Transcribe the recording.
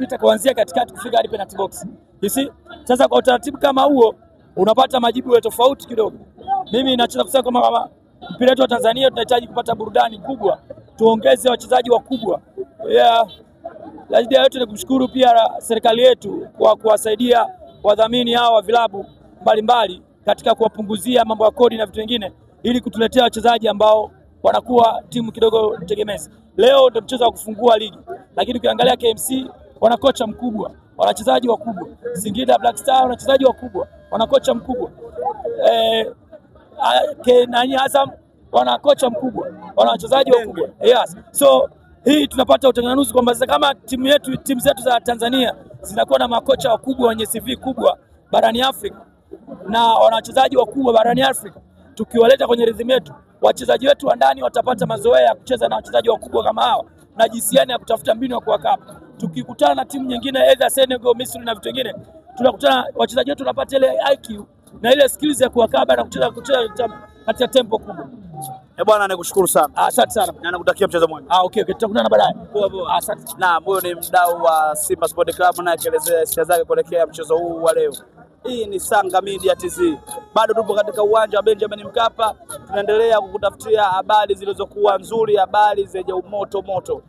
kupita kuanzia katikati kufika hadi penalty box. Hisi sasa, kwa utaratibu kama huo unapata majibu ya tofauti kidogo. Mimi nachoweza kusema kwamba kama mpira wetu wa Tanzania tunahitaji kupata burudani kubwa, tuongeze wachezaji wakubwa. Yeah. Lazima ya yote ni kumshukuru pia serikali yetu kwa kuwasaidia wadhamini hao wa vilabu mbalimbali katika kuwapunguzia mambo ya kodi na vitu vingine ili kutuletea wachezaji ambao wanakuwa timu kidogo tegemezi. Leo ndio mchezo wa kufungua ligi, lakini ukiangalia KMC wana kocha mkubwa, wana wachezaji wakubwa. Singida Black Star wana wachezaji wakubwa, wana kocha mkubwa. Eh, ah, nani Azam wana kocha mkubwa, wana wachezaji wakubwa. Yes. So hii tunapata utanganuzi kwamba sasa kama timu yetu, timu zetu za Tanzania zinakuwa na makocha wakubwa wenye CV kubwa barani Afrika na wana wachezaji wakubwa barani Afrika, tukiwaleta kwenye rhythm yetu, wachezaji wetu wa ndani watapata mazoea ya kucheza na wachezaji wakubwa kama hawa na jinsi gani ya kutafuta mbinu ya kuwakapa tukikutana na timu nyingine either Senegal, Misri na vitu vingine, tunakutana wachezaji wetu wanapata ile IQ na ile skills ya kuwakaba na kucheza kucheza katika tempo kubwa. Eh, bwana nikushukuru sana. Asante sana. Na nakutakia mchezo mwema. Ah, okay okay, tutakutana baadaye. Poa poa. Asante. Na huyo ni mdau wa Simba Sport Club na akielezea hisia zake kuelekea mchezo huu wa leo. Hii ni Sanga Media TZ. Bado tupo katika uwanja wa Benjamin Mkapa, tunaendelea kukutafutia habari zilizokuwa nzuri, habari zenye umoto moto.